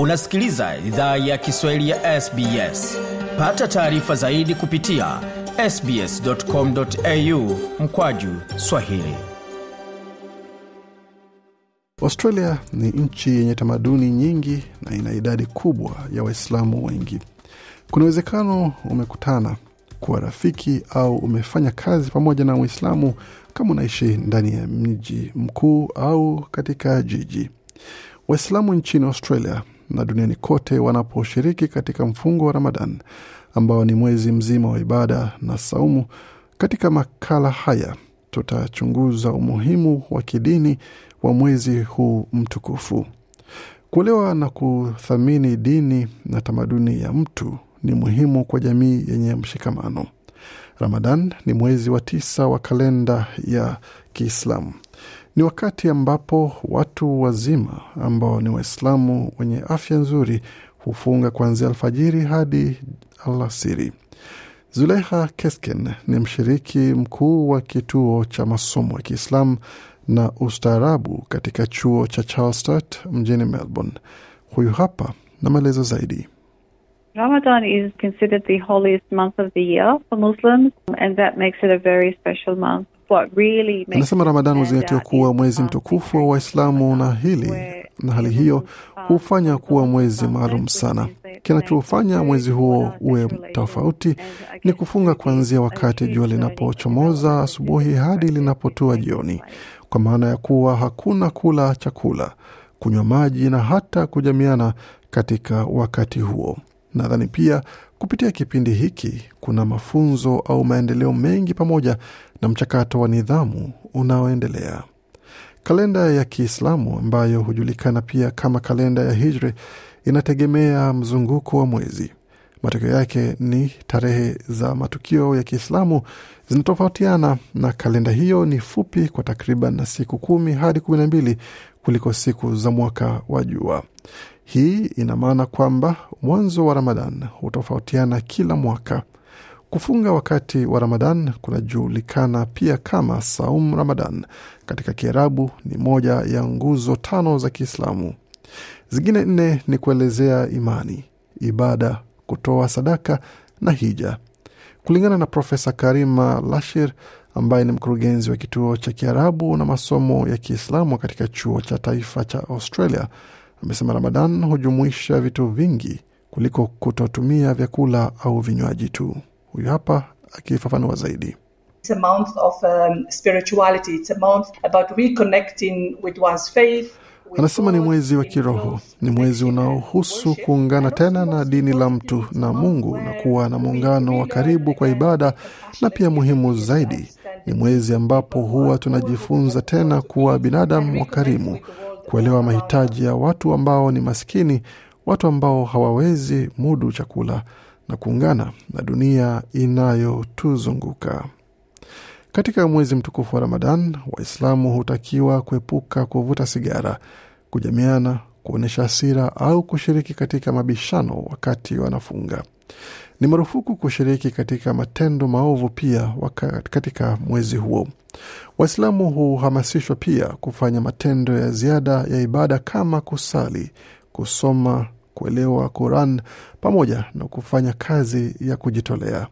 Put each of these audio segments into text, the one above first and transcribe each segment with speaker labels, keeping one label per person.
Speaker 1: unasikiliza idhaa ya kiswahili ya sbs pata taarifa zaidi kupitia sbscomau mkwaju swahili australia ni nchi yenye tamaduni nyingi na ina idadi kubwa ya waislamu wengi kuna uwezekano umekutana kuwa rafiki au umefanya kazi pamoja na Uislamu kama unaishi ndani ya mji mkuu au katika jiji. Waislamu nchini Australia na duniani kote wanaposhiriki katika mfungo wa Ramadan ambao ni mwezi mzima wa ibada na saumu. Katika makala haya tutachunguza umuhimu wa kidini wa mwezi huu mtukufu. Kuelewa na kuthamini dini na tamaduni ya mtu ni muhimu kwa jamii yenye mshikamano. Ramadan ni mwezi wa tisa wa kalenda ya Kiislamu. Ni wakati ambapo watu wazima ambao ni Waislamu wenye afya nzuri hufunga kuanzia alfajiri hadi alasiri. zuleha Kesken ni mshiriki mkuu wa kituo cha masomo ya Kiislamu na ustaarabu katika chuo cha Charles Sturt mjini Melbourne. Huyu hapa na maelezo zaidi. Ramadan is considered the holiest month of the year for Muslims and that makes it a very special month really anasema ramadan huzingatiwa kuwa mwezi mtukufu wa Waislamu na hili na hali hiyo um, hufanya kuwa mwezi um, maalum sana. Kinachofanya mwezi huo uwe tofauti ni kufunga kuanzia wakati jua linapochomoza asubuhi hadi linapotua jioni, kwa maana ya kuwa hakuna kula chakula, kunywa maji na hata kujamiana katika wakati huo. Nadhani pia Kupitia kipindi hiki kuna mafunzo au maendeleo mengi pamoja na mchakato wa nidhamu unaoendelea. Kalenda ya Kiislamu ambayo hujulikana pia kama kalenda ya Hijri inategemea mzunguko wa mwezi. Matokeo yake ni tarehe za matukio ya Kiislamu zinatofautiana, na kalenda hiyo ni fupi kwa takriban na siku kumi hadi kumi na mbili kuliko siku za mwaka wa jua. Hii ina maana kwamba mwanzo wa ramadan hutofautiana kila mwaka. Kufunga wakati wa ramadan kunajulikana pia kama saum ramadan katika Kiarabu, ni moja ya nguzo tano za Kiislamu. Zingine nne ni kuelezea imani, ibada, kutoa sadaka na hija. Kulingana na Profesa Karima Lashir ambaye ni mkurugenzi wa kituo cha Kiarabu na masomo ya Kiislamu katika chuo cha taifa cha Australia, amesema Ramadan hujumuisha vitu vingi kuliko kutotumia vyakula au vinywaji tu. Huyu hapa akifafanua zaidi. It's a month of um, spirituality. It's a month about reconnecting with one's faith. Anasema ni mwezi wa kiroho, ni mwezi unaohusu kuungana tena na dini la mtu na Mungu na kuwa na muungano wa karibu kwa ibada, na pia muhimu zaidi, ni mwezi ambapo huwa tunajifunza tena kuwa binadamu karimu kuelewa mahitaji ya watu ambao ni maskini, watu ambao hawawezi mudu chakula na kuungana na dunia inayotuzunguka. Katika mwezi mtukufu wa Ramadan, Waislamu hutakiwa kuepuka kuvuta sigara, kujamiana, kuonyesha hasira au kushiriki katika mabishano wakati wanafunga. Ni marufuku kushiriki katika matendo maovu pia katika mwezi huo. Waislamu huhamasishwa pia kufanya matendo ya ziada ya ibada kama kusali, kusoma, kuelewa Quran pamoja na kufanya kazi ya kujitolea.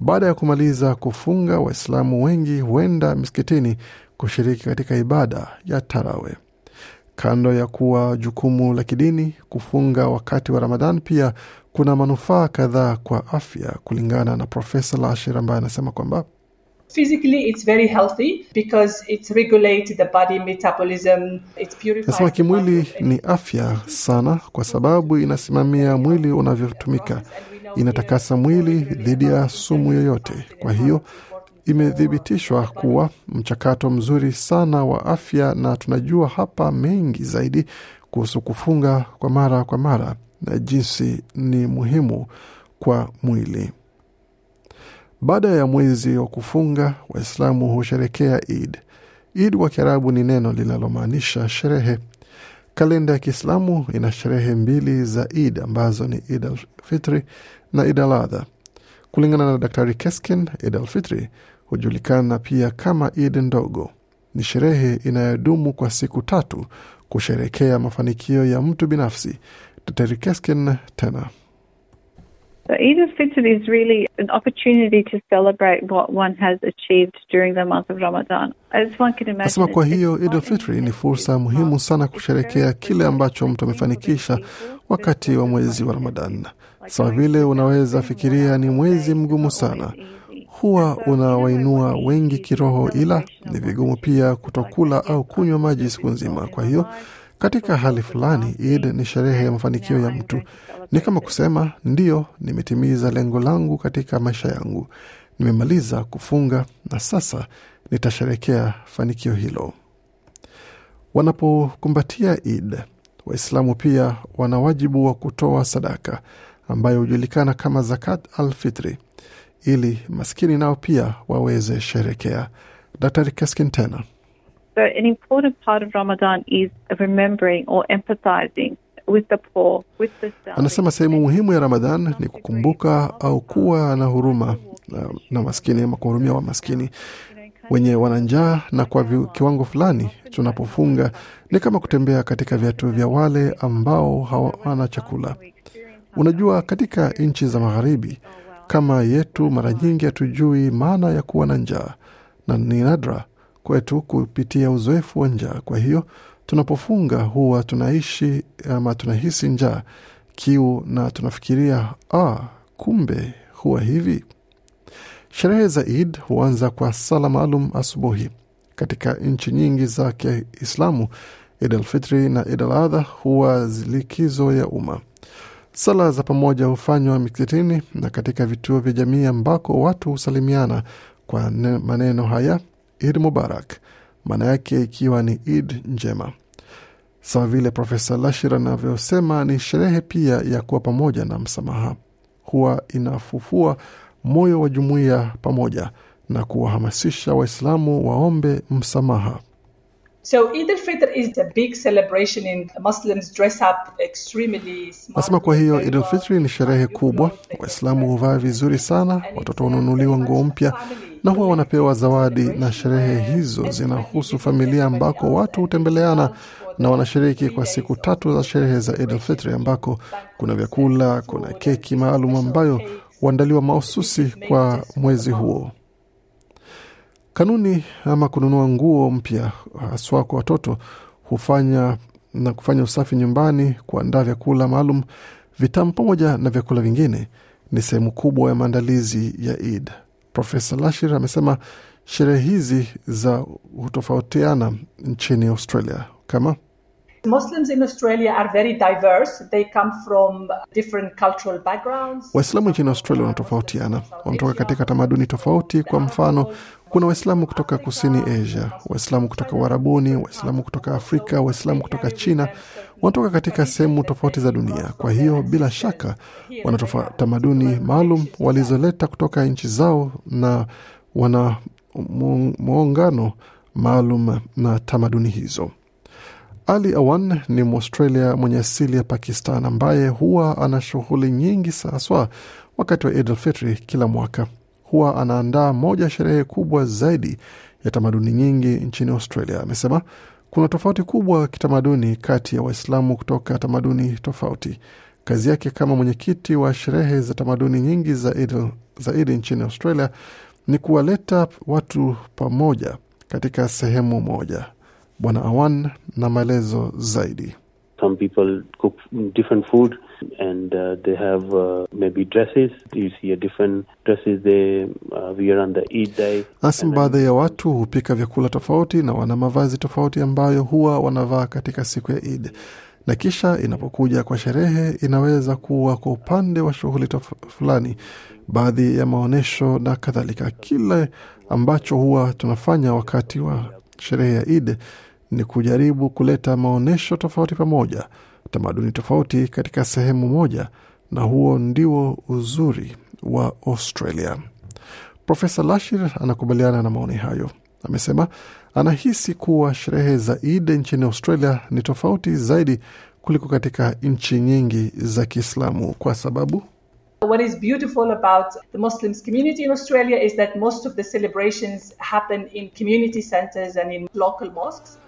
Speaker 1: Baada ya kumaliza kufunga, Waislamu wengi huenda misikitini kushiriki katika ibada ya tarawe. Kando ya kuwa jukumu la kidini, kufunga wakati wa Ramadhan pia kuna manufaa kadhaa kwa afya kulingana na Profesa Lashir ambaye anasema kwamba Nasema kimwili ni afya sana, kwa sababu inasimamia mwili unavyotumika, inatakasa mwili dhidi ya sumu yoyote. Kwa hiyo imethibitishwa kuwa mchakato mzuri sana wa afya, na tunajua hapa mengi zaidi kuhusu kufunga kwa mara kwa mara na jinsi ni muhimu kwa mwili. Baada ya mwezi wa kufunga, Waislamu husherekea Id. Id kwa Kiarabu ni neno linalomaanisha sherehe. Kalenda ya Kiislamu ina sherehe mbili za Id ambazo ni Id Alfitri na Id Aladha. Kulingana na Daktari Keskin, Id Alfitri hujulikana pia kama Id ndogo. Ni sherehe inayodumu kwa siku tatu kusherekea mafanikio ya mtu binafsi Dr. Keskin tena. The Eid al-Fitr is really an opportunity to celebrate what one has achieved during the month of Ramadan. As kwa hiyo Eid al-Fitr ni fursa muhimu sana kusherekea kile ambacho mtu amefanikisha wakati wa mwezi wa Ramadan. Sawa vile unaweza fikiria ni mwezi mgumu sana, huwa unawainua wengi kiroho, ila ni vigumu pia kutokula au kunywa maji siku nzima. Kwa hiyo katika hali fulani, Eid ni sherehe ya mafanikio ya mtu. Ni kama kusema, ndiyo, nimetimiza lengo langu katika maisha yangu, nimemaliza kufunga na sasa nitasherekea fanikio hilo. Wanapokumbatia Eid, Waislamu pia wana wajibu wa kutoa sadaka ambayo hujulikana kama zakat al-fitri ili maskini nao pia waweze sherekea. Daktari Keskin tena So, an important part of Ramadan is remembering or empathizing with the poor, with the starving. Anasema sehemu muhimu ya ramadan ni kukumbuka au kuwa na huruma na, na maskini ama kuhurumia wa maskini wenye wana njaa, na kwa kiwango fulani tunapofunga ni kama kutembea katika viatu vya wale ambao hawana chakula. Unajua, katika nchi za magharibi kama yetu, mara nyingi hatujui maana ya kuwa na njaa na ni nadra kwetu kupitia uzoefu wa njaa. Kwa hiyo tunapofunga huwa tunaishi ama tunahisi njaa, kiu na tunafikiria ah, kumbe huwa hivi. Sherehe za Eid huanza kwa sala maalum asubuhi. Katika nchi nyingi za Kiislamu, Id fitri na Id al-Adha huwa zilikizo ya umma. Sala za pamoja hufanywa misikitini na katika vituo vya jamii ambako watu husalimiana kwa maneno haya Id Mubarak, maana yake ikiwa ni Id njema. Sawa vile Profesa Lashir anavyosema, ni sherehe pia ya kuwa pamoja na msamaha, huwa inafufua moyo wa jumuiya pamoja na kuwahamasisha Waislamu waombe msamaha. So Eid al-Fitr is a big celebration in Muslims dress up extremely smart. Nasema kwa hiyo Eid al-Fitr ni sherehe kubwa. Waislamu huvaa vizuri sana, watoto wanunuliwa nguo mpya na huwa wanapewa zawadi, na sherehe hizo zinahusu familia ambako watu hutembeleana na wanashiriki kwa siku tatu za sherehe za Eid al-Fitr ambako kuna vyakula, kuna keki maalum ambayo huandaliwa mahususi kwa mwezi huo. Kanuni ama kununua nguo mpya haswa kwa watoto hufanya na kufanya usafi nyumbani, kuandaa vyakula maalum vitamu pamoja na vyakula vingine ni sehemu kubwa ya maandalizi ya Eid. Profesa Lashir amesema sherehe hizi za hutofautiana nchini Australia kama Waislamu nchini Australia wanatofautiana, wanatoka katika tamaduni tofauti. Kwa mfano, kuna Waislamu kutoka kusini Asia, Waislamu kutoka Uarabuni, Waislamu kutoka Afrika, Waislamu kutoka China, wanatoka katika sehemu tofauti za dunia. Kwa hiyo bila shaka wanatamaduni tamaduni maalum walizoleta kutoka nchi zao na wana muungano maalum na tamaduni hizo. Ali Awan ni Mwaustralia mwenye asili ya Pakistan ambaye huwa ana shughuli nyingi haswa wakati wa Idul Fitri kila mwaka huwa anaandaa moja sherehe kubwa zaidi ya tamaduni nyingi nchini Australia. Amesema kuna tofauti kubwa kitamaduni kati ya Waislamu kutoka tamaduni tofauti. Kazi yake kama mwenyekiti wa sherehe za tamaduni nyingi zaidi nchini Australia ni kuwaleta watu pamoja katika sehemu moja. Bwana Awan na maelezo zaidi. Some people cook different food and uh, they have uh, maybe dresses. You see a different dresses they uh, wear on the Eid day. Asim, baadhi ya watu hupika vyakula tofauti na wana mavazi tofauti ambayo huwa wanavaa katika siku ya Eid na kisha inapokuja kwa sherehe inaweza kuwa kwa upande wa shughuli fulani, baadhi ya maonyesho na kadhalika. Kile ambacho huwa tunafanya wakati wa sherehe ya Eid ni kujaribu kuleta maonyesho tofauti pamoja, tamaduni tofauti katika sehemu moja, na huo ndio uzuri wa Australia. Profesa Lashir anakubaliana na maoni hayo. Amesema anahisi kuwa sherehe za Eid nchini Australia ni tofauti zaidi kuliko katika nchi nyingi za Kiislamu kwa sababu What is beautiful about the Muslims community in Australia is that most of the celebrations happen in community centers and in local mosques.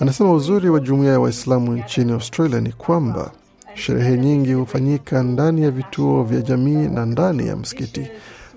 Speaker 1: Anasema uzuri wa jumuiya ya Waislamu nchini Australia ni kwamba sherehe nyingi hufanyika ndani ya vituo vya jamii na ndani ya msikiti,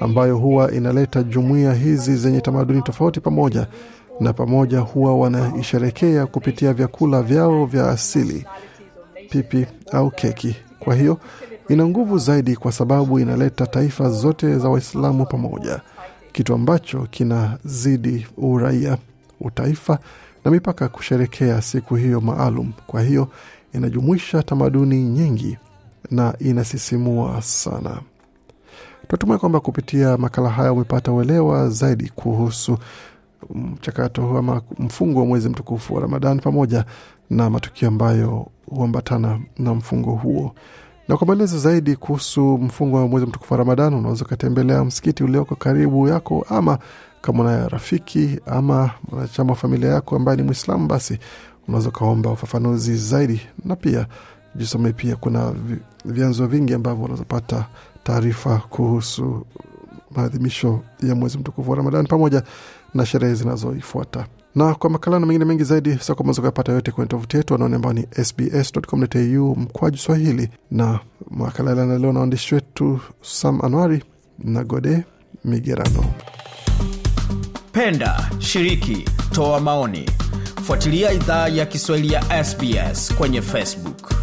Speaker 1: ambayo huwa inaleta jumuiya hizi zenye tamaduni tofauti pamoja, na pamoja huwa wanaisherekea kupitia vyakula vyao vya asili, pipi au keki. Kwa hiyo ina nguvu zaidi kwa sababu inaleta taifa zote za Waislamu pamoja, kitu ambacho kinazidi uraia, utaifa na mipaka kusherekea siku hiyo maalum. Kwa hiyo inajumuisha tamaduni nyingi na inasisimua sana. Tunatumai kwamba kupitia makala haya umepata uelewa zaidi kuhusu mchakato ama mfungo wa mwezi mtukufu wa Ramadhan pamoja na matukio ambayo huambatana na mfungo huo. Na kwa maelezo zaidi kuhusu mfungo wa mwezi mtukufu wa Ramadan, unaweza ukatembelea msikiti ulioko karibu yako, ama kama una rafiki ama mwanachama wa familia yako ambaye ni Mwislamu, basi unaweza ukaomba ufafanuzi zaidi, na pia jisome. Pia kuna vyanzo vingi ambavyo unazopata taarifa kuhusu maadhimisho ya mwezi mtukufu wa Ramadan pamoja na sherehe zinazoifuata. Na kwa makala na mengine mengi zaidi sako sakomaweza kuyapata yote kwenye tovuti yetu wanaone ambao ni sbscu mkwaju Swahili, na makala lanaleo na waandishi wetu Sam Anwari na Gode Migerano. Penda, shiriki, toa maoni, fuatilia idhaa ya Kiswahili ya SBS kwenye Facebook.